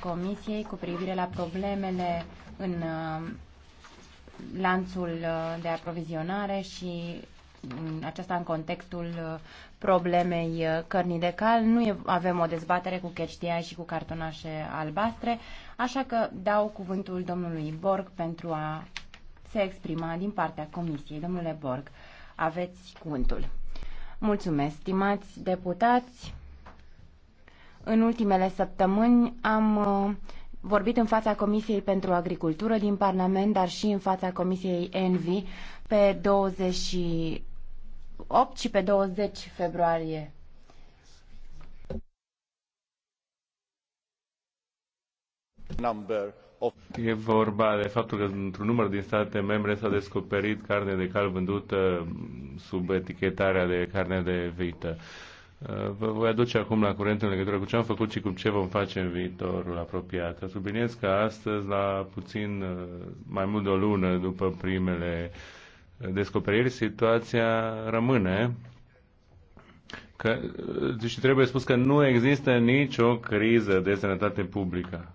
Comisiei cu privire la problemele în uh, lanțul uh, de aprovizionare și mm, aceasta în contextul uh, problemei cărnii de cal. Nu avem o dezbatere cu cheștia și cu cartonașe albastre, așa că dau cuvântul domnului Borg pentru a se exprima din partea Comisiei. Domnule Borg, aveți cuvântul. Mulțumesc, stimați deputați. În ultimele săptămâni am uh, vorbit în fața Comisiei pentru Agricultură din Parlament, dar și în fața Comisiei Envi pe 28 și pe 20 februarie. Number of... E vorba de faptul că într-un număr din state membre s-a descoperit carne de cal vândută sub etichetarea de carne de vită. Uh, Uh, vă voi aduce acum la curent în legătură cu ce am făcut și cu ce vom face în viitorul apropiat. Subliniez că astăzi, la puțin uh, mai mult de o lună după primele uh, descoperiri, situația rămâne că, și trebuie spus că nu există nicio criză de sănătate publică.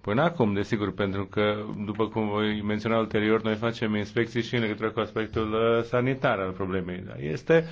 Până acum, desigur, pentru că, după cum voi menționa ulterior, noi facem inspecții și în legătură cu aspectul sanitar al problemei. Este uh,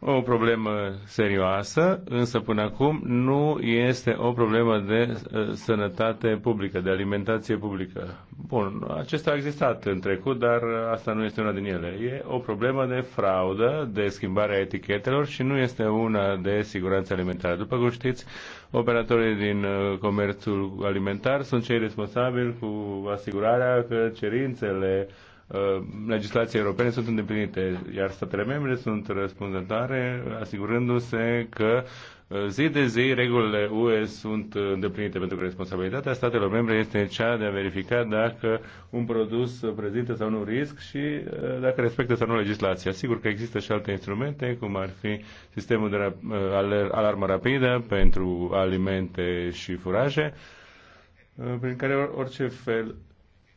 o problemă serioasă, însă până acum nu este o problemă de eh, sănătate publică, de alimentație publică. Bun, acesta a existat în trecut, dar asta nu este una din ele. E o problemă de fraudă, de schimbarea etichetelor și nu este una de siguranță alimentară. După cum știți, operatorii din eh, comerțul alimentar sunt cei responsabili cu asigurarea că cerințele Uh, legislației europene sunt îndeplinite, iar statele membre sunt răspunzătoare, asigurându-se că uh, zi de zi regulile UE sunt îndeplinite, pentru că responsabilitatea statelor membre este cea de a verifica dacă un produs prezintă sau nu risc și uh, dacă respectă sau nu legislația. Sigur că există și alte instrumente, cum ar fi sistemul de alarmă rapidă pentru alimente și furaje, prin care orice fel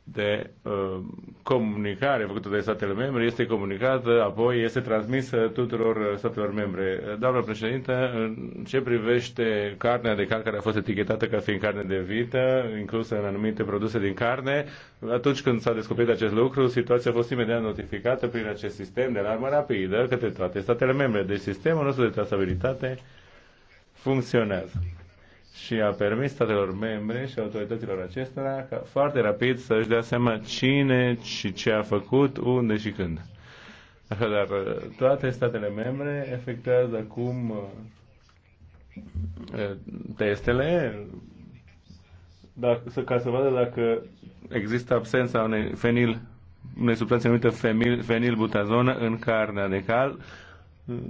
de uh, comunicare făcută de statele membre este comunicată, apoi este transmisă tuturor uh, statelor membre. Doamna președintă, în ce privește carnea de cal care a fost etichetată ca fiind carne de vită, inclusă în anumite produse din carne, atunci când s-a descoperit acest lucru, situația a fost imediat notificată prin acest sistem de alarmă rapidă către toate statele membre. Deci sistemul nostru de trasabilitate funcționează și a permis statelor membre și autorităților acestora ca foarte rapid să își dea seama cine și ce a făcut, unde și când. Așadar, toate statele membre efectuează acum eh, testele dacă, ca să vadă dacă există absența unei fenil, unei substanțe numită fenil, fenilbutazonă în carnea de cal,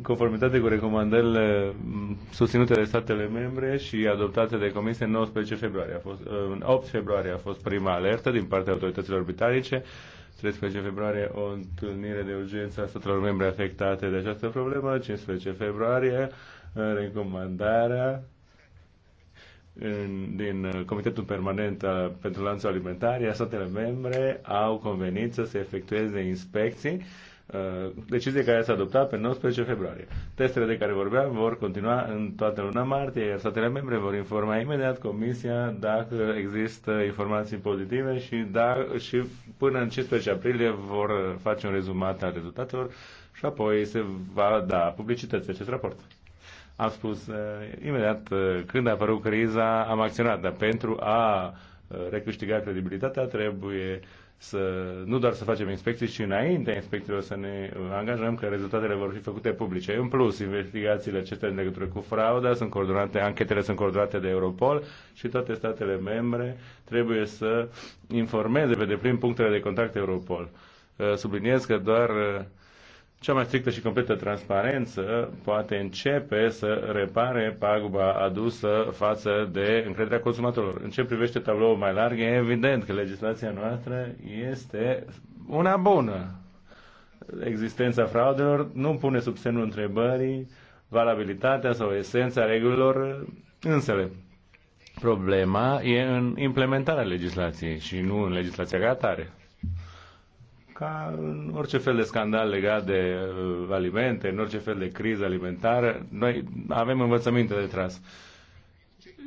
conformitate cu recomandările mm, susținute de statele membre și adoptate de Comisie în 19 februarie. A fost, uh, în 8 februarie a fost prima alertă din partea autorităților britanice, 13 februarie o întâlnire de urgență a statelor membre afectate de această problemă, 15 februarie uh, recomandarea în, din uh, Comitetul Permanent pentru Lanțul Alimentar, iar statele membre au convenit să se efectueze inspecții Uh, decizie care s-a adoptat pe 19 februarie. Testele de care vorbeam vor continua în toată luna martie, iar statele membre vor informa imediat Comisia dacă există informații pozitive și, da, și până în 15 aprilie vor face un rezumat al rezultatelor și apoi se va da publicități acest raport. Am spus, uh, imediat uh, când a apărut criza, am acționat, dar pentru a recâștiga credibilitatea trebuie să, nu doar să facem inspecții, ci înaintea inspecțiilor să ne angajăm că rezultatele vor fi făcute publice. În plus, investigațiile acestea în legătură cu frauda sunt coordonate, anchetele sunt coordonate de Europol și toate statele membre trebuie să informeze pe deplin punctele de contact Europol. Subliniez că doar cea mai strictă și completă transparență poate începe să repare paguba adusă față de încrederea consumatorilor. În ce privește tabloul mai larg, e evident că legislația noastră este una bună. Existența fraudelor nu pune sub semnul întrebării valabilitatea sau esența regulilor însele. Problema e în implementarea legislației și nu în legislația ca atare ca în orice fel de scandal legat de uh, alimente, în orice fel de criză alimentară, noi avem învățăminte de tras.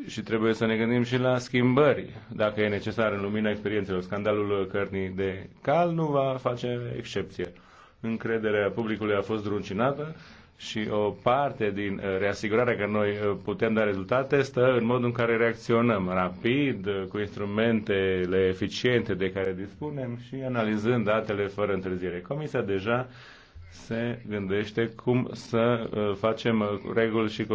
Și trebuie să ne gândim și la schimbări. Dacă e necesar în lumina experiențelor, scandalul cărnii de cal nu va face excepție. Încrederea publicului a fost druncinată și o parte din uh, reasigurarea că noi uh, putem da rezultate stă în modul în care reacționăm rapid, uh, cu instrumentele eficiente de care dispunem și analizând datele fără întârziere. Comisia deja se gândește cum să facem reguli și,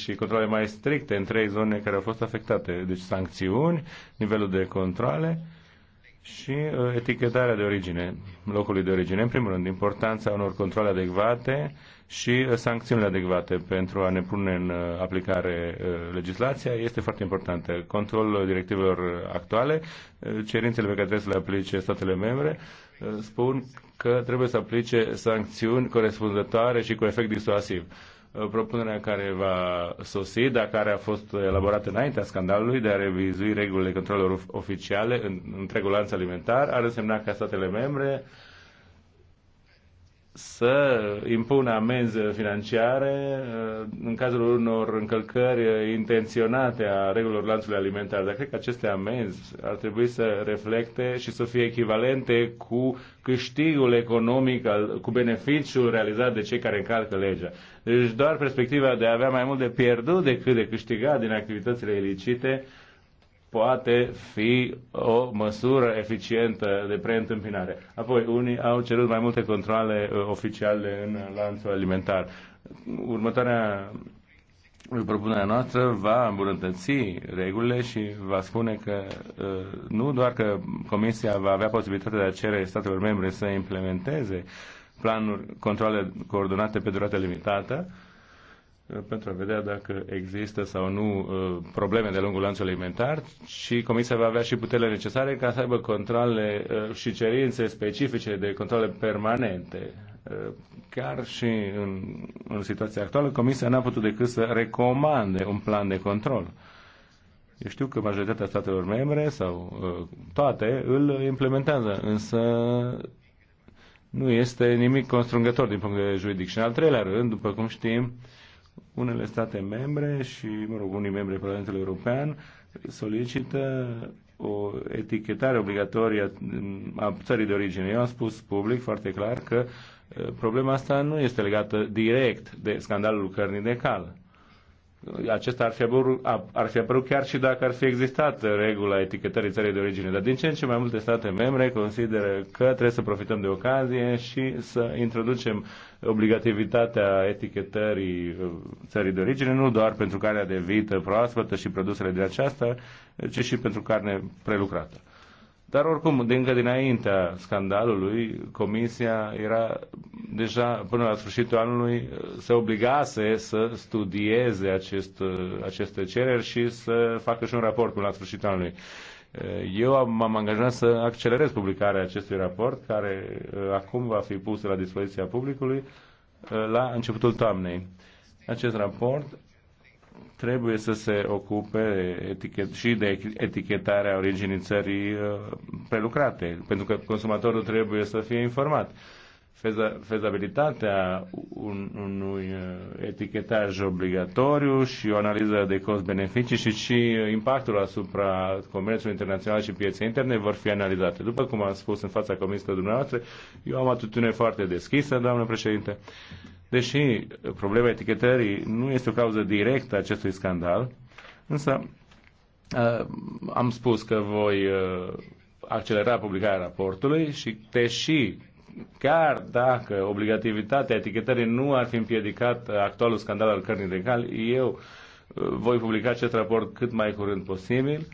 și controle mai stricte în trei zone care au fost afectate. Deci sancțiuni, nivelul de controle și uh, etichetarea de origine, locului de origine. În primul rând, importanța unor controle adecvate și uh, sancțiunile adecvate pentru a ne pune în uh, aplicare legislația este foarte importantă. Controlul directivelor actuale, cerințele pe care trebuie să le aplice statele membre, spun că trebuie să aplice sancțiuni corespunzătoare și cu efect disuasiv Uh, propunerea care va sosi, dar care a fost elaborată înaintea scandalului de a revizui regulile controlelor oficiale în întregul lanț alimentar, ar însemna ca statele membre să impună amenzi financiare uh, în cazul unor încălcări intenționate a regulilor lanțului alimentar. Dar cred că aceste amenzi ar trebui să reflecte și să fie echivalente cu câștigul economic, cu beneficiul realizat de cei care încalcă legea. Deci doar perspectiva de a avea mai mult de pierdut decât de câștigat din activitățile ilicite poate fi o măsură eficientă de preîntâmpinare. Apoi, unii au cerut mai multe controle uh, oficiale în lanțul alimentar. Următoarea propunerea noastră va îmbunătăți regulile și va spune că uh, nu doar că Comisia va avea posibilitatea de a cere statelor membre să implementeze planuri, controle coordonate pe durată limitată, pentru a vedea dacă există sau nu uh, probleme de lungul lanțului alimentar și Comisia va avea și puterile necesare ca să aibă controle uh, și cerințe specifice de controle permanente. Uh, chiar și în, în situația actuală, Comisia n-a putut decât să recomande un plan de control. Eu știu că majoritatea statelor membre sau toate îl implementează, însă nu este nimic constrângător din punct de vedere juridic. Și în al treilea rând, după cum știm, unele state membre și, mă rog, unii membri Parlamentului European solicită o etichetare obligatorie a țării de origine. Eu am spus public foarte clar că eh, problema asta nu este legată direct de scandalul cărnii de cal. Acesta ar fi, apărut, ar fi apărut chiar și dacă ar fi existat regula etichetării țării de origine. Dar din ce în ce mai multe state membre consideră că trebuie să profităm de ocazie și să introducem obligativitatea etichetării uh, țării de origine, nu doar pentru carnea de vită proaspătă și produsele de aceasta, ci și pentru carne prelucrată. Dar oricum, de încă dinaintea scandalului, comisia era deja până la sfârșitul anului se obligase să studieze acest, aceste cereri și să facă și un raport până la sfârșitul anului. Eu m-am angajat să accelerez publicarea acestui raport, care uh, acum va fi pus la dispoziția publicului uh, la începutul toamnei. Acest raport trebuie să se ocupe etichet, și de etichetarea originii țării uh, prelucrate, pentru că consumatorul trebuie să fie informat. Fezabilitatea unui uh, etichetaj obligatoriu și o analiză de cost-beneficii și, și uh, impactul asupra comerțului internațional și pieței interne vor fi analizate. După cum am spus în fața comisiei dumneavoastră, eu am atitudine foarte deschisă, doamnă președinte Deși problema etichetării nu este o cauză directă a acestui scandal, însă uh, am spus că voi uh, accelera publicarea raportului și, deși chiar dacă obligativitatea etichetării nu ar fi împiedicat actualul scandal al cărnii de cal, eu uh, voi publica acest raport cât mai curând posibil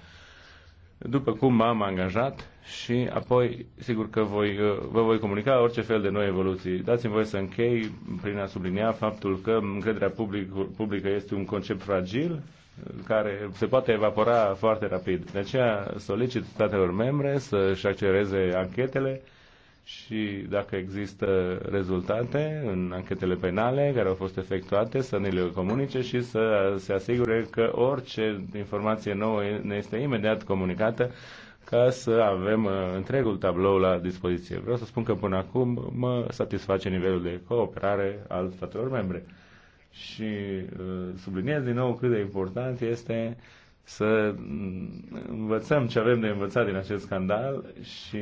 după cum m-am angajat și apoi, sigur că voi, uh, vă voi comunica orice fel de noi evoluții. Dați-mi voie să închei prin a sublinia faptul că încrederea public, publică este un concept fragil uh, care se poate evapora foarte rapid. De aceea solicit statelor membre să-și accelereze anchetele și dacă există rezultate în anchetele penale care au fost efectuate, să ne le comunice și să se asigure că orice informație nouă ne este imediat comunicată ca să avem uh, întregul tablou la dispoziție. Vreau să spun că până acum mă satisface nivelul de cooperare al statelor membre. Și uh, subliniez din nou cât de important este uh, să învățăm ce avem de învățat din acest scandal și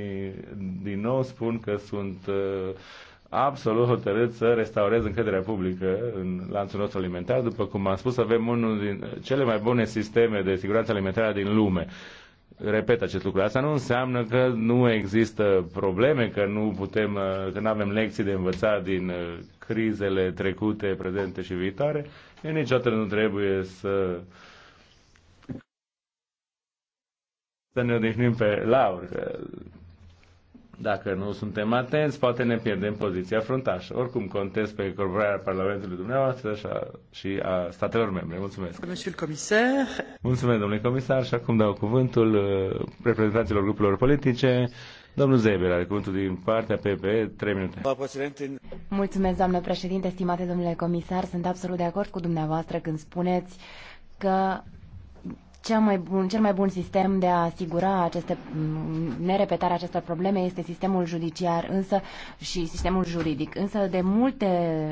din nou spun că sunt uh, absolut hotărât să restaurez încrederea publică în lanțul nostru alimentar. După cum am spus, avem unul din cele mai bune sisteme de siguranță alimentară din lume. Repet acest lucru. Asta nu înseamnă că nu există probleme, că nu putem, uh, că nu avem lecții de învățat din uh, crizele trecute, prezente și viitoare. Eu niciodată nu trebuie să uh, să ne odihnim pe Că Dacă nu suntem atenți, poate ne pierdem poziția fruntașă. Oricum, contez pe colaborarea Parlamentului dumneavoastră și a, și a statelor membre. Mulțumesc. Mulțumesc, domnule comisar. Și acum dau cuvântul uh, reprezentanților grupurilor politice. Domnul Zeber are cuvântul din partea PPE, 3 minute. Mulțumesc, doamnă președinte, stimate domnule comisar. Sunt absolut de acord cu dumneavoastră când spuneți că cel mai bun, cel mai bun sistem de a asigura aceste, nerepetarea acestor probleme este sistemul judiciar însă și sistemul juridic. Însă de multe,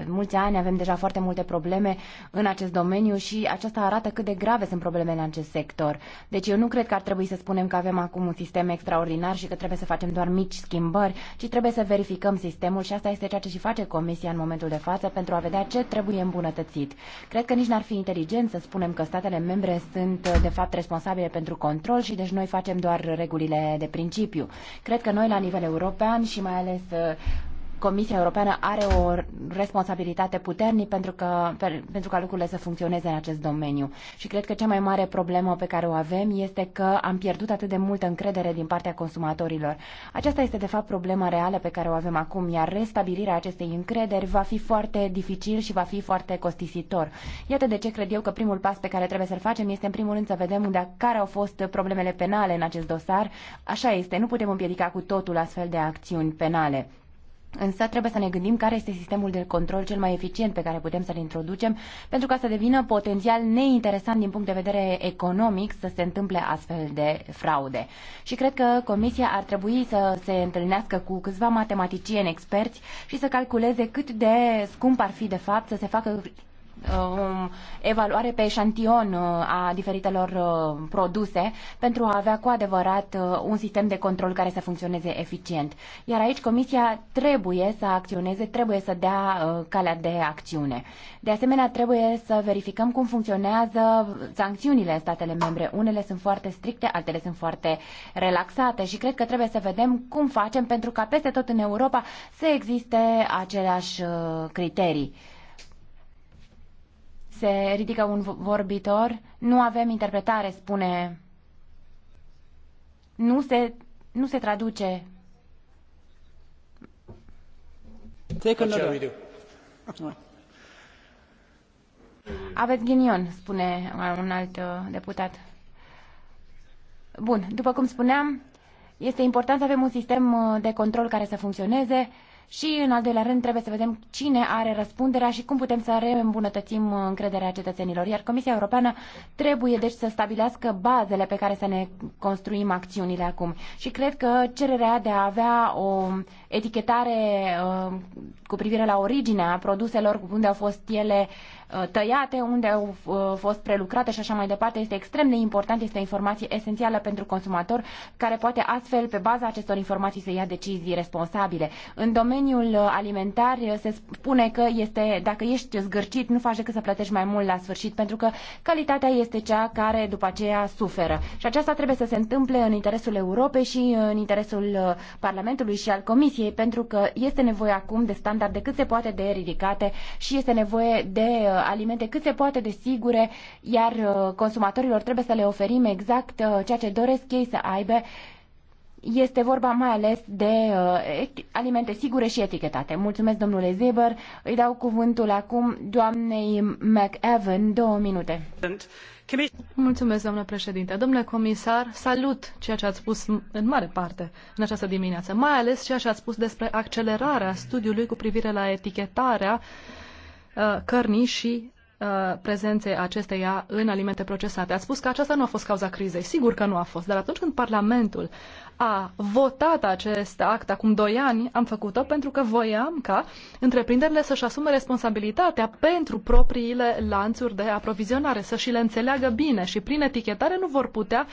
mulți ani avem deja foarte multe probleme în acest domeniu și aceasta arată cât de grave sunt problemele în acest sector. Deci eu nu cred că ar trebui să spunem că avem acum un sistem extraordinar și că trebuie să facem doar mici schimbări, ci trebuie să verificăm sistemul și asta este ceea ce și face Comisia în momentul de față pentru a vedea ce trebuie îmbunătățit. Cred că nici n-ar fi inteligent să spunem că statele membre sunt de fapt fapt responsabile pentru control și deci noi facem doar regulile de principiu. Cred că noi la nivel european și mai ales uh, Comisia Europeană are o responsabilitate puternică pentru, că, pentru ca lucrurile să funcționeze în acest domeniu. Și cred că cea mai mare problemă pe care o avem este că am pierdut atât de multă încredere din partea consumatorilor. Aceasta este, de fapt, problema reală pe care o avem acum, iar restabilirea acestei încrederi va fi foarte dificil și va fi foarte costisitor. Iată de ce cred eu că primul pas pe care trebuie să-l facem este, în primul rând, să vedem unde, care au fost problemele penale în acest dosar. Așa este, nu putem împiedica cu totul astfel de acțiuni penale. Însă trebuie să ne gândim care este sistemul de control cel mai eficient pe care putem să-l introducem pentru ca să devină potențial neinteresant din punct de vedere economic să se întâmple astfel de fraude. Și cred că Comisia ar trebui să se întâlnească cu câțiva matematicieni experți și să calculeze cât de scump ar fi de fapt să se facă o uh, um, evaluare pe eșantion uh, a diferitelor uh, produse pentru a avea cu adevărat un sistem de control care să funcționeze eficient. Iar aici Comisia trebuie să acționeze, trebuie să dea calea de acțiune. De asemenea, trebuie să verificăm cum funcționează sancțiunile în statele membre. Unele sunt foarte stricte, altele sunt foarte relaxate și cred că trebuie să vedem cum facem pentru ca peste tot în Europa să existe aceleași criterii se ridică un vorbitor, nu avem interpretare, spune. Nu se, nu se traduce. Take another. Aveți ghinion, spune un alt uh, deputat. Bun, după cum spuneam, este important să avem un sistem uh, de control care să funcționeze. Și, în al doilea rând, trebuie să vedem cine are răspunderea și cum putem să reîmbunătățim încrederea cetățenilor. Iar Comisia Europeană trebuie, deci, să stabilească bazele pe care să ne construim acțiunile acum. Și cred că cererea de a avea o etichetare uh, cu privire la originea produselor, unde au fost ele uh, tăiate, unde au uh, fost prelucrate și așa mai departe, este extrem de important, este o informație esențială pentru consumator, care poate astfel, pe baza acestor informații, să ia decizii responsabile. În domeniul alimentar se spune că este, dacă ești zgârcit, nu faci decât să plătești mai mult la sfârșit, pentru că calitatea este cea care după aceea suferă. Și aceasta trebuie să se întâmple în interesul Europei și în interesul Parlamentului și al Comisiei Comisiei pentru că este nevoie acum de standarde cât se poate de ridicate și este nevoie de uh, alimente cât se poate de sigure, iar uh, consumatorilor trebuie să le oferim exact uh, ceea ce doresc ei să aibă. Este vorba mai ales de alimente sigure și etichetate. Mulțumesc, domnule Zeber. Îi dau cuvântul acum doamnei McEvan, două minute. Mulțumesc, doamnă președinte. Domnule comisar, salut ceea ce ați spus în mare parte în această dimineață, mai ales ceea ce ați spus despre accelerarea studiului cu privire la etichetarea uh, cărnii și Uh, prezenței acesteia în alimente procesate. Ați spus că aceasta nu a fost cauza crizei. Sigur că nu a fost, dar atunci când Parlamentul a votat acest act acum doi ani, am făcut-o pentru că voiam ca întreprinderile să-și asume responsabilitatea pentru propriile lanțuri de aprovizionare, să și le înțeleagă bine și prin etichetare nu vor putea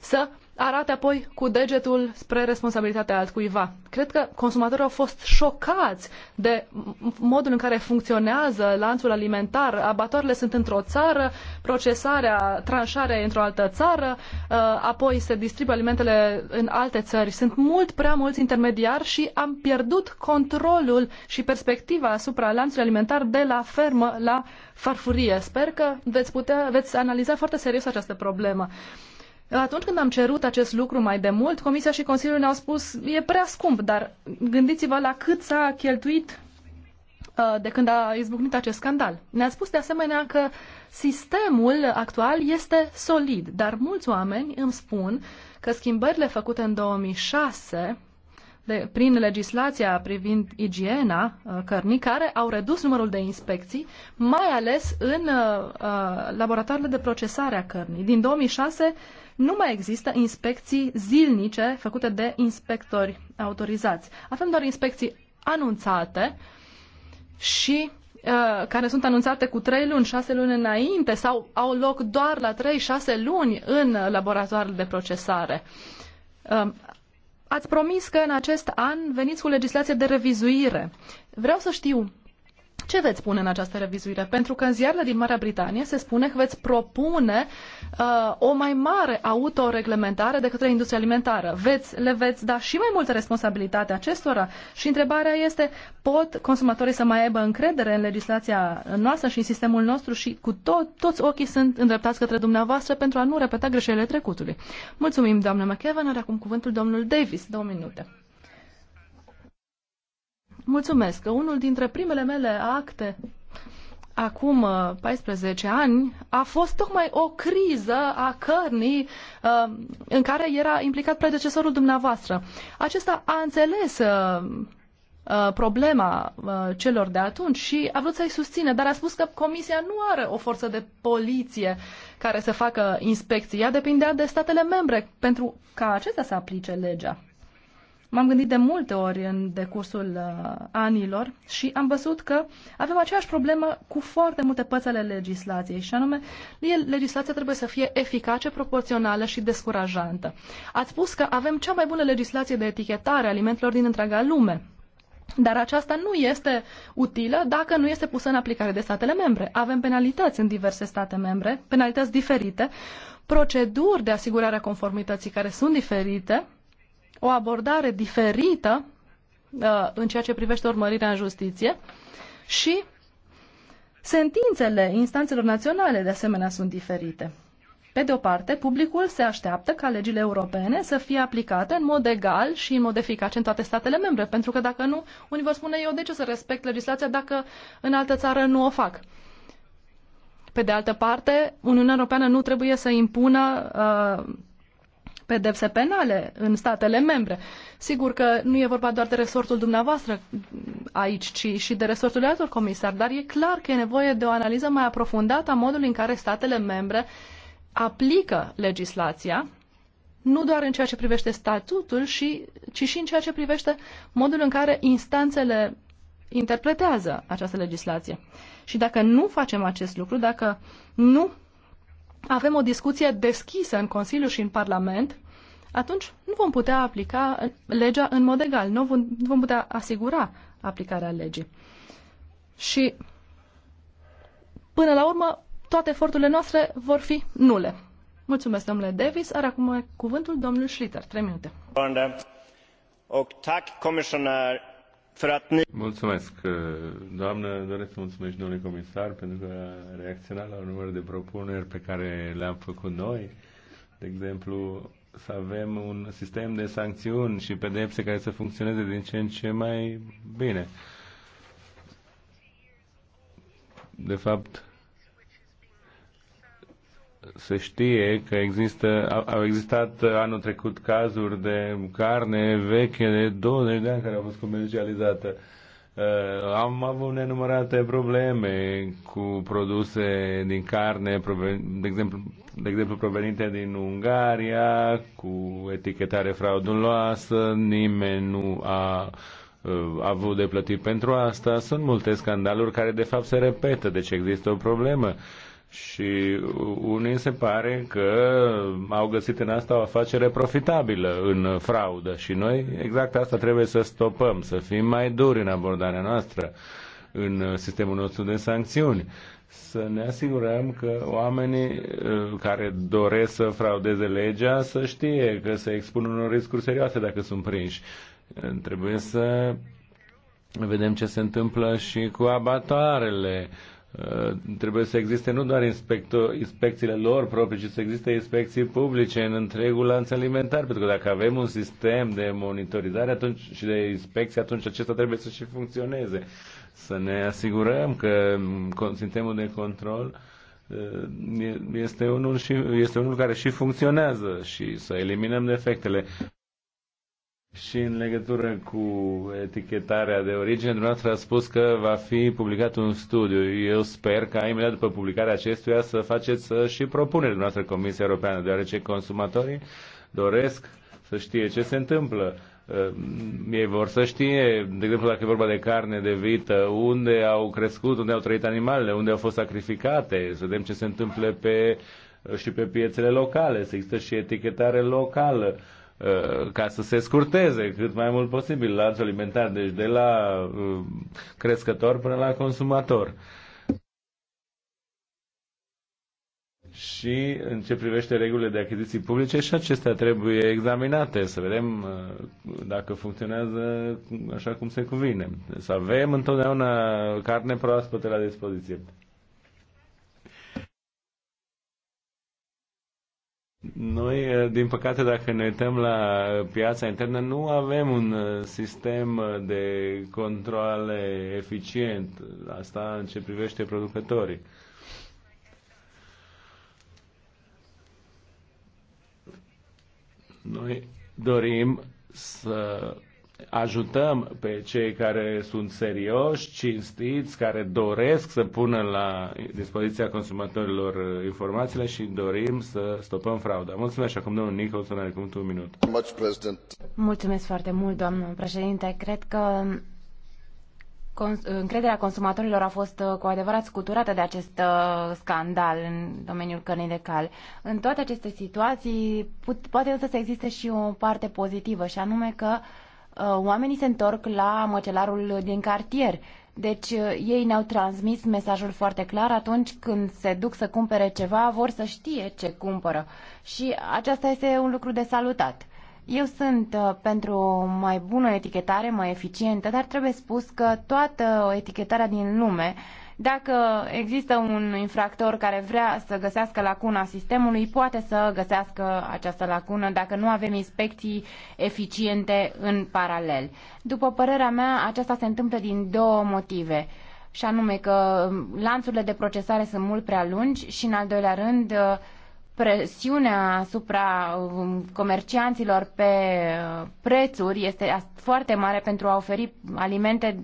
să arate apoi cu degetul spre responsabilitatea altcuiva. Cred că consumatorii au fost șocați de modul în care funcționează lanțul alimentar. Abatoarele sunt într-o țară, procesarea, tranșarea e într-o altă țară, uh, apoi se distribuie alimentele în alte țări. Sunt mult prea mulți intermediari și am pierdut controlul și perspectiva asupra lanțului alimentar de la fermă la farfurie. Sper că veți, putea, veți analiza foarte serios această problemă. Atunci când am cerut acest lucru mai de mult, Comisia și Consiliul ne-au spus e prea scump, dar gândiți-vă la cât s-a cheltuit uh, de când a izbucnit acest scandal. Ne-a spus de asemenea că sistemul actual este solid, dar mulți oameni îmi spun că schimbările făcute în 2006 de, prin legislația privind igiena uh, cărnii, care au redus numărul de inspecții, mai ales în uh, uh laboratoarele de procesare a cărnii. Din 2006 nu mai există inspecții zilnice făcute de inspectori autorizați. Avem doar inspecții anunțate și uh, care sunt anunțate cu 3 luni, 6 luni înainte sau au loc doar la 3-6 luni în laboratoarele de procesare. Um, Ați promis că în acest an veniți cu legislație de revizuire. Vreau să știu ce veți spune în această revizuire? Pentru că în ziarele din Marea Britanie se spune că veți propune uh, o mai mare autoreglementare de către industria alimentară. Veți, le veți da și mai multă responsabilitate acestora? Și întrebarea este, pot consumatorii să mai aibă încredere în legislația noastră și în sistemul nostru și cu tot, toți ochii sunt îndreptați către dumneavoastră pentru a nu repeta greșelile trecutului? Mulțumim, doamnă McEwan. Are acum cuvântul domnul Davis. Două minute. Mulțumesc că unul dintre primele mele acte acum 14 uh, ani a fost tocmai o criză a cărnii uh, în care era implicat predecesorul dumneavoastră. Acesta a înțeles uh, problema celor de atunci și a vrut să-i susține, dar a spus că Comisia nu are o forță de poliție care să facă inspecții. Ea depindea de statele membre pentru ca acestea să aplice legea. M-am gândit de multe ori în decursul uh, anilor și am văzut că avem aceeași problemă cu foarte multe părți ale legislației și anume legislația trebuie să fie eficace, proporțională și descurajantă. Ați spus că avem cea mai bună legislație de etichetare a alimentelor din întreaga lume. Dar aceasta nu este utilă dacă nu este pusă în aplicare de statele membre. Avem penalități în diverse state membre, penalități diferite, proceduri de asigurare a conformității care sunt diferite o abordare diferită uh, în ceea ce privește urmărirea în justiție și sentințele instanțelor naționale de asemenea sunt diferite. Pe de o parte, publicul se așteaptă ca legile europene să fie aplicate în mod egal și în mod eficace în toate statele membre, pentru că dacă nu, unii vor spune eu de ce să respect legislația dacă în altă țară nu o fac. Pe de altă parte, Uniunea Europeană nu trebuie să impună uh, pedepse penale în statele membre. Sigur că nu e vorba doar de resortul dumneavoastră aici, ci și de resortul altor comisari, dar e clar că e nevoie de o analiză mai aprofundată a modului în care statele membre aplică legislația, nu doar în ceea ce privește statutul, și, ci și în ceea ce privește modul în care instanțele interpretează această legislație. Și dacă nu facem acest lucru, dacă nu avem o discuție deschisă în Consiliu și în Parlament, atunci nu vom putea aplica legea în mod egal, nu vom, nu vom putea asigura aplicarea legii. Și până la urmă, toate eforturile noastre vor fi nule. Mulțumesc, domnule Davis. Are acum cuvântul domnul Schlitter. Trei minute. Mulțumesc, doamnă, doresc să mulțumesc domnului comisar pentru că a reacționat la un număr de propuneri pe care le-am făcut noi. De exemplu, să avem un sistem de sancțiuni și pedepse care să funcționeze din ce în ce mai bine. De fapt, se știe că există, au existat anul trecut cazuri de carne veche de 20 de ani care au fost comercializată. Uh, am avut nenumărate probleme cu produse din carne, de exemplu, de exemplu provenite din Ungaria, cu etichetare frauduloasă, nimeni nu a uh, avut de plătit pentru asta. Sunt multe scandaluri care de fapt se repetă, deci există o problemă. Uh, și unii se pare că au găsit în asta o afacere profitabilă în fraudă și noi exact asta trebuie să stopăm, să fim mai duri în abordarea noastră, în sistemul nostru de sancțiuni să ne asigurăm că oamenii uh, care doresc să fraudeze legea să știe că se expun unor riscuri serioase dacă sunt prinși. Uh, trebuie să vedem ce se întâmplă și cu abatoarele Uh, trebuie să existe nu doar inspecțiile lor proprii, ci să existe inspecții publice în întregul lanț alimentar, pentru că dacă avem un sistem de monitorizare atunci, și de inspecție, atunci acesta trebuie să și funcționeze. Să ne asigurăm că sistemul de control uh, este unul, și, este unul care și funcționează și să eliminăm defectele. Și în legătură cu etichetarea de origine, dumneavoastră a spus că va fi publicat un studiu. Eu sper ca imediat după publicarea acestuia să faceți și propuneri dumneavoastră Comisia Europeană, deoarece consumatorii doresc să știe ce se întâmplă. Ă, ei vor să știe, de exemplu, dacă e vorba de carne, de vită, unde au crescut, unde au trăit animalele, unde au fost sacrificate, să vedem ce se întâmplă pe, și pe piețele locale, să există și etichetare locală Uh, ca să se scurteze cât mai mult posibil lanțul alimentar, deci de la uh, crescător până la consumator. și în ce privește regulile de achiziții publice și acestea trebuie examinate, să vedem uh, dacă funcționează așa cum se cuvine. Să avem întotdeauna carne proaspătă la dispoziție. Noi, eh, din păcate, dacă ne uităm la piața internă, nu avem un eh, sistem eh, de controle eficient. Asta în ce privește producătorii. Noi dorim să ajutăm pe cei care sunt serioși, cinstiți, care doresc să pună la dispoziția consumatorilor informațiile și dorim să stopăm frauda. Mulțumesc și acum domnul Nicholson are cuvântul un minut. Mulțumesc foarte mult, domnul președinte. Cred că încrederea consumatorilor a fost uh, cu adevărat scuturată de acest uh, scandal în domeniul cărnii de cal. În toate aceste situații poate însă să existe și o parte pozitivă și anume că Uh, oamenii se întorc la măcelarul din cartier. Deci uh, ei ne-au transmis mesajul foarte clar, atunci când se duc să cumpere ceva, vor să știe ce cumpără. Și aceasta este un lucru de salutat. Eu sunt uh, pentru mai bună etichetare, mai eficientă, dar trebuie spus că toată etichetarea din lume dacă există un infractor care vrea să găsească lacuna sistemului, poate să găsească această lacună dacă nu avem inspecții eficiente în paralel. După părerea mea, aceasta se întâmplă din două motive și anume că lanțurile de procesare sunt mult prea lungi și, în al doilea rând, presiunea asupra um, comercianților pe uh, prețuri este foarte mare pentru a oferi alimente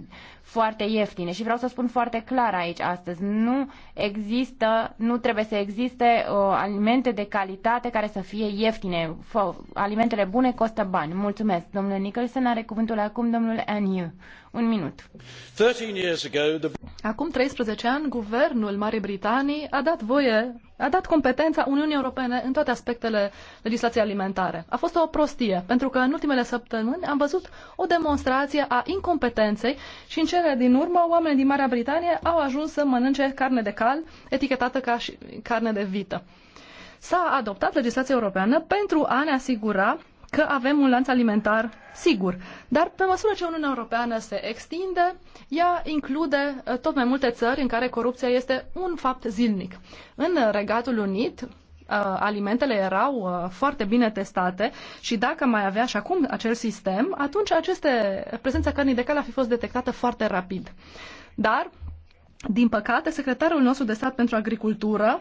foarte ieftine. Și vreau să spun foarte clar aici astăzi, nu există, nu trebuie să existe uh, alimente de calitate care să fie ieftine. Fă, alimentele bune costă bani. Mulțumesc, domnule Nicholson. Are cuvântul acum domnul Aniu. Un minut. Acum 13 ani, guvernul Marii Britanii a dat voie, a dat competența Uniunii Europene în toate aspectele legislației alimentare. A fost o prostie, pentru că în ultimele săptămâni am văzut o demonstrație a incompetenței și în cele din urmă oamenii din Marea Britanie au ajuns să mănânce carne de cal etichetată ca și carne de vită. S-a adoptat legislația europeană pentru a ne asigura că avem un lanț alimentar sigur. Dar pe măsură ce Uniunea Europeană se extinde, ea include uh, tot mai multe țări în care corupția este un fapt zilnic. În Regatul Unit, uh, alimentele erau uh, foarte bine testate și dacă mai avea și acum acel sistem, atunci aceste, prezența cărnii de cal a fi fost detectată foarte rapid. Dar, din păcate, secretarul nostru de stat pentru agricultură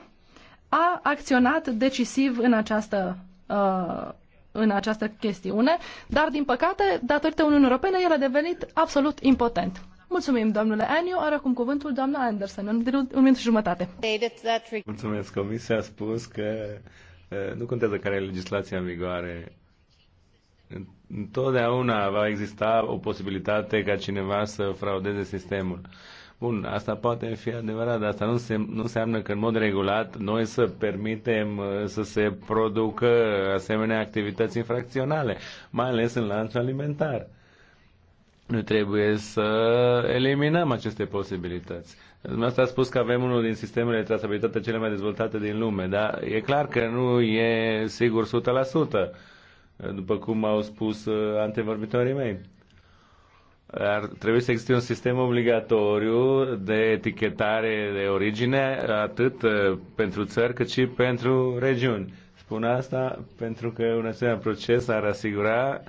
a acționat decisiv în această uh, în această chestiune, dar, din păcate, datorită Uniunii Europene, el a devenit absolut impotent. Mulțumim, domnule Aniu. Are acum cuvântul doamna Anderson, în un minut și jumătate. Mulțumesc. Comisia a spus că nu contează care e legislația în vigoare. Întotdeauna va exista o posibilitate ca cineva să fraudeze sistemul. Bun, asta poate fi adevărat, dar asta nu, se, nu înseamnă că în mod regulat noi să permitem uh, să se producă asemenea activități infracționale, mai ales în lanțul alimentar. Nu trebuie să eliminăm aceste posibilități. Dumneavoastră a spus că avem unul din sistemele de trasabilitate cele mai dezvoltate din lume, dar e clar că nu e sigur 100%, după cum au spus uh, antevorbitorii mei ar trebui să existe un sistem obligatoriu de etichetare de origine atât uh, pentru țări cât și pentru regiuni. Spun asta pentru că un asemenea proces ar asigura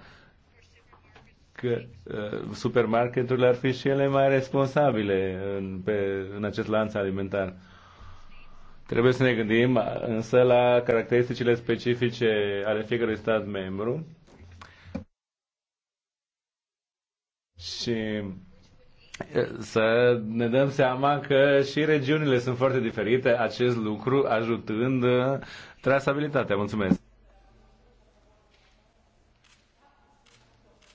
că uh, supermarketurile ar fi și ele mai responsabile în, pe, în acest lanț alimentar. Trebuie să ne gândim uh, însă la caracteristicile specifice ale fiecărui stat membru Și să ne dăm seama că și regiunile sunt foarte diferite, acest lucru ajutând uh, trasabilitatea. Mulțumesc!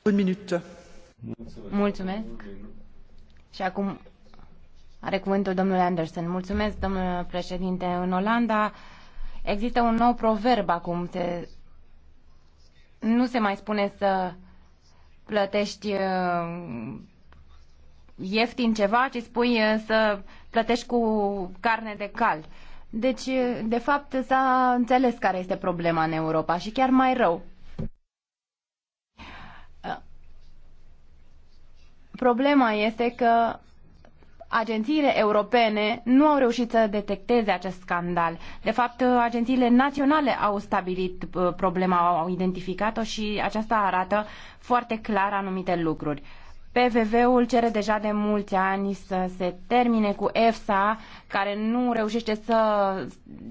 Un minut. Mulțumesc. Mulțumesc. Și acum are cuvântul domnul Anderson. Mulțumesc, domnule președinte. În Olanda există un nou proverb acum. Se... Nu se mai spune să plătești uh, ieftin ceva, ci spui uh, să plătești cu carne de cal. Deci, uh, de fapt, s-a înțeles care este problema în Europa și chiar mai rău. Problema este că agențiile europene nu au reușit să detecteze acest scandal. De fapt, agențiile naționale au stabilit uh, problema, au identificat-o și aceasta arată foarte clar anumite lucruri. PVV-ul cere deja de mulți ani să se termine cu EFSA, care nu reușește să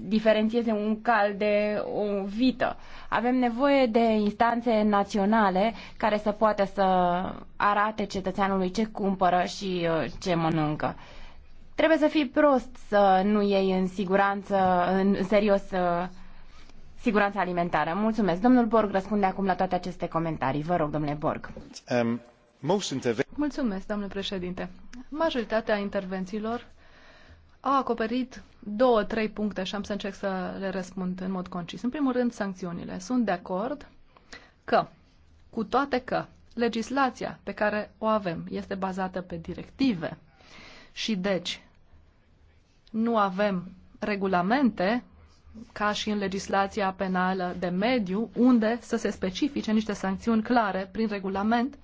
diferențieze un cal de o vită. Avem nevoie de instanțe naționale care să poată să arate cetățeanului ce cumpără și uh, ce mănâncă. Trebuie să fii prost să nu iei în siguranță, în serios uh, siguranța alimentară. Mulțumesc. Domnul Borg răspunde acum la toate aceste comentarii. Vă rog, domnule Borg. Um Mulțumesc, domnule președinte. Majoritatea intervențiilor au acoperit două, trei puncte și am să încerc să le răspund în mod concis. În primul rând, sancțiunile. Sunt de acord că, cu toate că legislația pe care o avem este bazată pe directive și deci nu avem regulamente ca și în legislația penală de mediu, unde să se specifice niște sancțiuni clare prin regulament,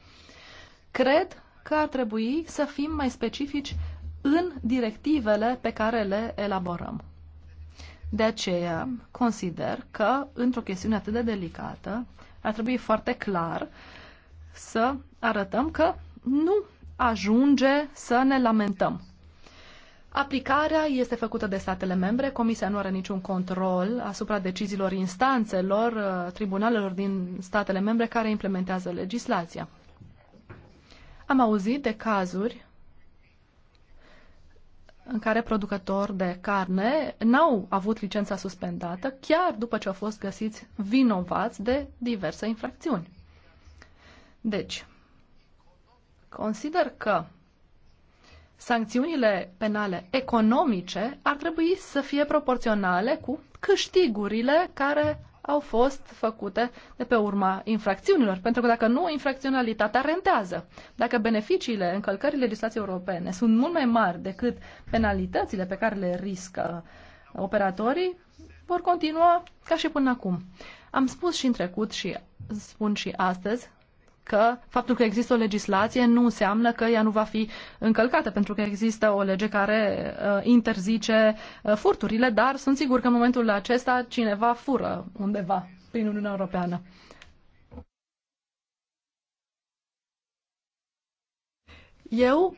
Cred că ar trebui să fim mai specifici în directivele pe care le elaborăm. De aceea, consider că, într-o chestiune atât de delicată, ar trebui foarte clar să arătăm că nu ajunge să ne lamentăm. Aplicarea este făcută de statele membre, Comisia nu are niciun control asupra deciziilor instanțelor, uh, tribunalelor din statele membre care implementează legislația. Am auzit de cazuri în care producători de carne n-au avut licența suspendată chiar după ce au fost găsiți vinovați de diverse infracțiuni. Deci, consider că sancțiunile penale economice ar trebui să fie proporționale cu câștigurile care au fost făcute de pe urma infracțiunilor. Pentru că dacă nu, infracționalitatea rentează. Dacă beneficiile încălcării legislației europene sunt mult mai mari decât penalitățile pe care le riscă operatorii, vor continua ca și până acum. Am spus și în trecut și spun și astăzi că faptul că există o legislație nu înseamnă că ea nu va fi încălcată, pentru că există o lege care uh, interzice uh, furturile, dar sunt sigur că în momentul acesta cineva fură undeva prin Uniunea Europeană. Eu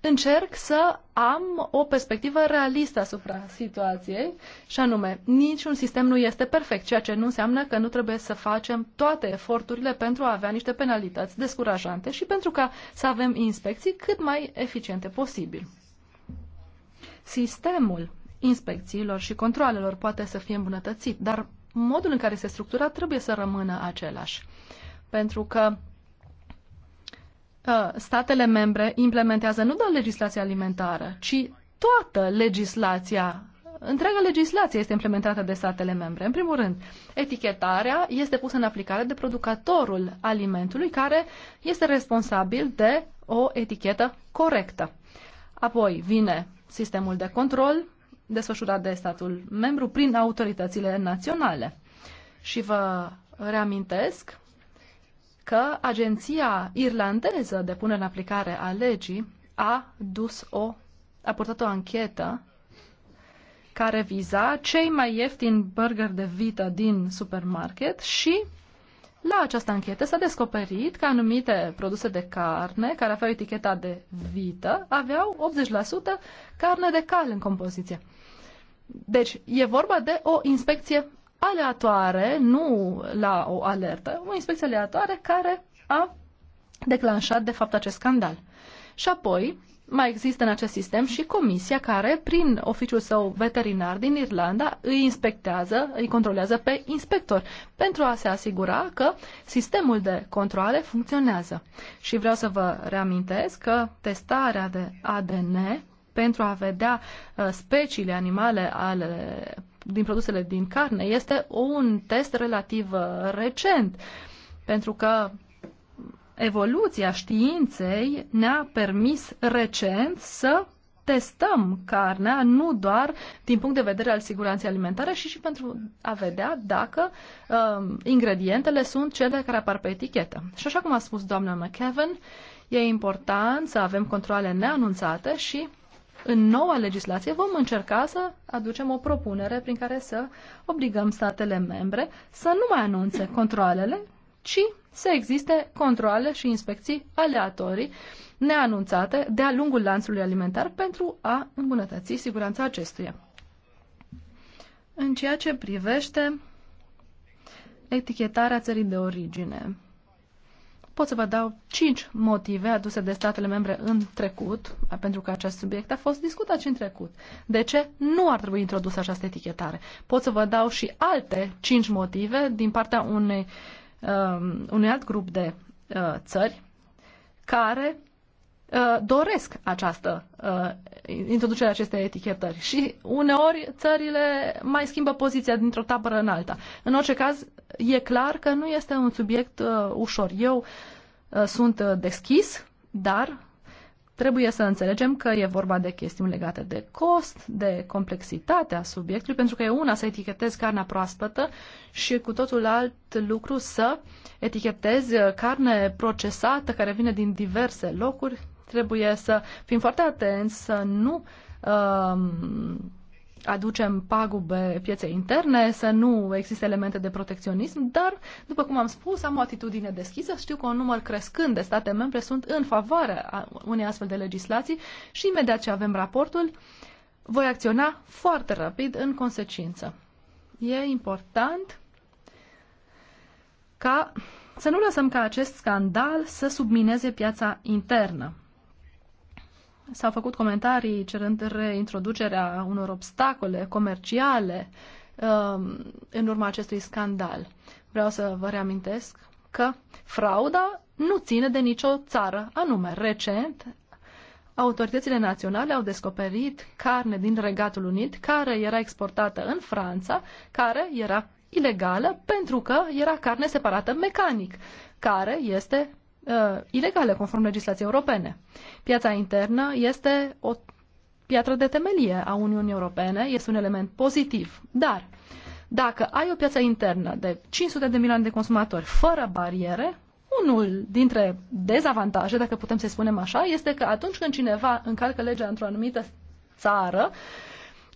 încerc să am o perspectivă realistă asupra situației și anume, niciun sistem nu este perfect, ceea ce nu înseamnă că nu trebuie să facem toate eforturile pentru a avea niște penalități descurajante și pentru ca să avem inspecții cât mai eficiente posibil. Sistemul inspecțiilor și controalelor poate să fie îmbunătățit, dar modul în care se structura trebuie să rămână același. Pentru că statele membre implementează nu doar legislația alimentară, ci toată legislația Întreaga legislație este implementată de statele membre. În primul rând, etichetarea este pusă în aplicare de producătorul alimentului care este responsabil de o etichetă corectă. Apoi vine sistemul de control desfășurat de statul membru prin autoritățile naționale. Și vă reamintesc că agenția irlandeză de punere în aplicare a legii a dus o, a purtat o anchetă care viza cei mai ieftini burger de vită din supermarket și la această anchetă s-a descoperit că anumite produse de carne care aveau eticheta de vită aveau 80% carne de cal în compoziție. Deci e vorba de o inspecție aleatoare, nu la o alertă, o inspecție aleatoare care a declanșat de fapt acest scandal. Și apoi mai există în acest sistem și comisia care, prin oficiul său veterinar din Irlanda, îi inspectează, îi controlează pe inspector pentru a se asigura că sistemul de controle funcționează. Și vreau să vă reamintesc că testarea de ADN pentru a vedea uh, speciile animale ale din produsele din carne este un test relativ uh, recent, pentru că evoluția științei ne-a permis recent să testăm carnea nu doar din punct de vedere al siguranței alimentare, ci și, și pentru a vedea dacă uh, ingredientele sunt cele care apar pe etichetă. Și așa cum a spus doamna McKevin, e important să avem controle neanunțate și în noua legislație vom încerca să aducem o propunere prin care să obligăm statele membre să nu mai anunțe controlele, ci să existe controle și inspecții aleatorii neanunțate de-a lungul lanțului alimentar pentru a îmbunătăți siguranța acestuia. În ceea ce privește etichetarea țării de origine, Pot să vă dau cinci motive aduse de statele membre în trecut, pentru că acest subiect a fost discutat și în trecut. De ce nu ar trebui introdusă această etichetare? Pot să vă dau și alte cinci motive din partea unei, um, unui alt grup de uh, țări care Uh, doresc această uh, introducerea acestei etichetări și uneori țările mai schimbă poziția dintr-o tabără în alta. În orice caz, e clar că nu este un subiect uh, ușor. Eu sunt deschis, dar trebuie să înțelegem că e vorba de chestiuni legate de cost, de complexitatea subiectului, pentru că e una să etichetezi carnea proaspătă și cu totul alt lucru să etichetezi carne procesată care vine din diverse locuri trebuie să fim foarte atenți să nu um, aducem pagube pieței interne, să nu existe elemente de protecționism, dar, după cum am spus, am o atitudine deschisă. Știu că un număr crescând de state membre sunt în favoarea unei astfel de legislații și imediat ce avem raportul, voi acționa foarte rapid în consecință. E important ca să nu lăsăm ca acest scandal să submineze piața internă. S-au făcut comentarii cerând reintroducerea unor obstacole comerciale um, în urma acestui scandal. Vreau să vă reamintesc că frauda nu ține de nicio țară anume. Recent, autoritățile naționale au descoperit carne din Regatul Unit care era exportată în Franța, care era ilegală pentru că era carne separată mecanic, care este uh, ilegale conform legislației europene. Piața internă este o piatră de temelie a Uniunii Europene, este un element pozitiv, dar dacă ai o piață internă de 500 de milioane de consumatori fără bariere, unul dintre dezavantaje, dacă putem să spunem așa, este că atunci când cineva încalcă legea într-o anumită țară,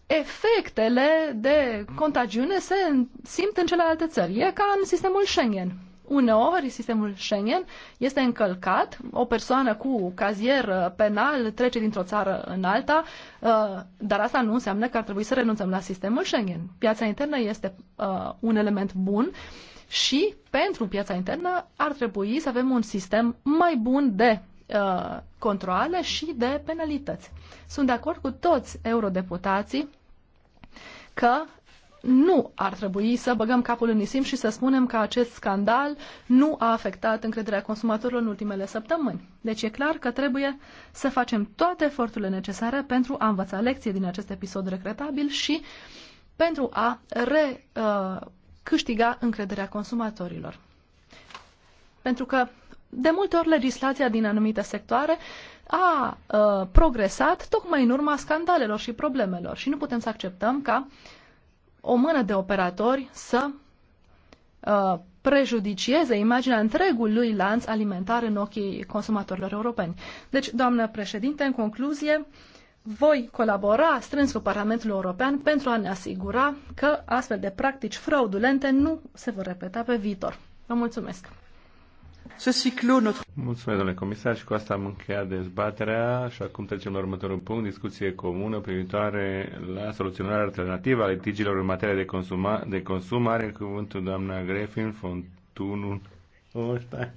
efectele de contagiune se simt în celelalte țări. E ca în sistemul Schengen uneori sistemul Schengen este încălcat, o persoană cu cazier penal trece dintr-o țară în alta, uh, dar asta nu înseamnă că ar trebui să renunțăm la sistemul Schengen. Piața internă este uh, un element bun și pentru piața internă ar trebui să avem un sistem mai bun de uh, controle și de penalități. Sunt de acord cu toți eurodeputații că nu ar trebui să băgăm capul în nisip și să spunem că acest scandal nu a afectat încrederea consumatorilor în ultimele săptămâni. Deci e clar că trebuie să facem toate eforturile necesare pentru a învăța lecție din acest episod regretabil și pentru a recâștiga uh, încrederea consumatorilor. Pentru că de multe ori legislația din anumite sectoare a uh, progresat tocmai în urma scandalelor și problemelor și nu putem să acceptăm ca uh, o mână de operatori să uh, prejudicieze imaginea întregului lanț alimentar în ochii consumatorilor europeni. Deci, doamnă președinte, în concluzie, voi colabora strâns cu Parlamentul European pentru a ne asigura că astfel de practici fraudulente nu se vor repeta pe viitor. Vă mulțumesc! Mulțumesc, domnule comisar, și cu asta am încheiat dezbaterea și acum trecem la următorul punct, discuție comună privitoare la soluționarea alternativă a litigiilor în materie de, consuma, de consum. Are cuvântul doamna Grefin Fontunul ăsta.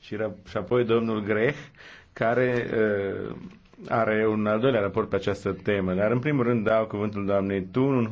Și, și apoi domnul Greh, care uh, are un al doilea raport pe această temă. Dar în primul rând dau cuvântul doamnei Tunun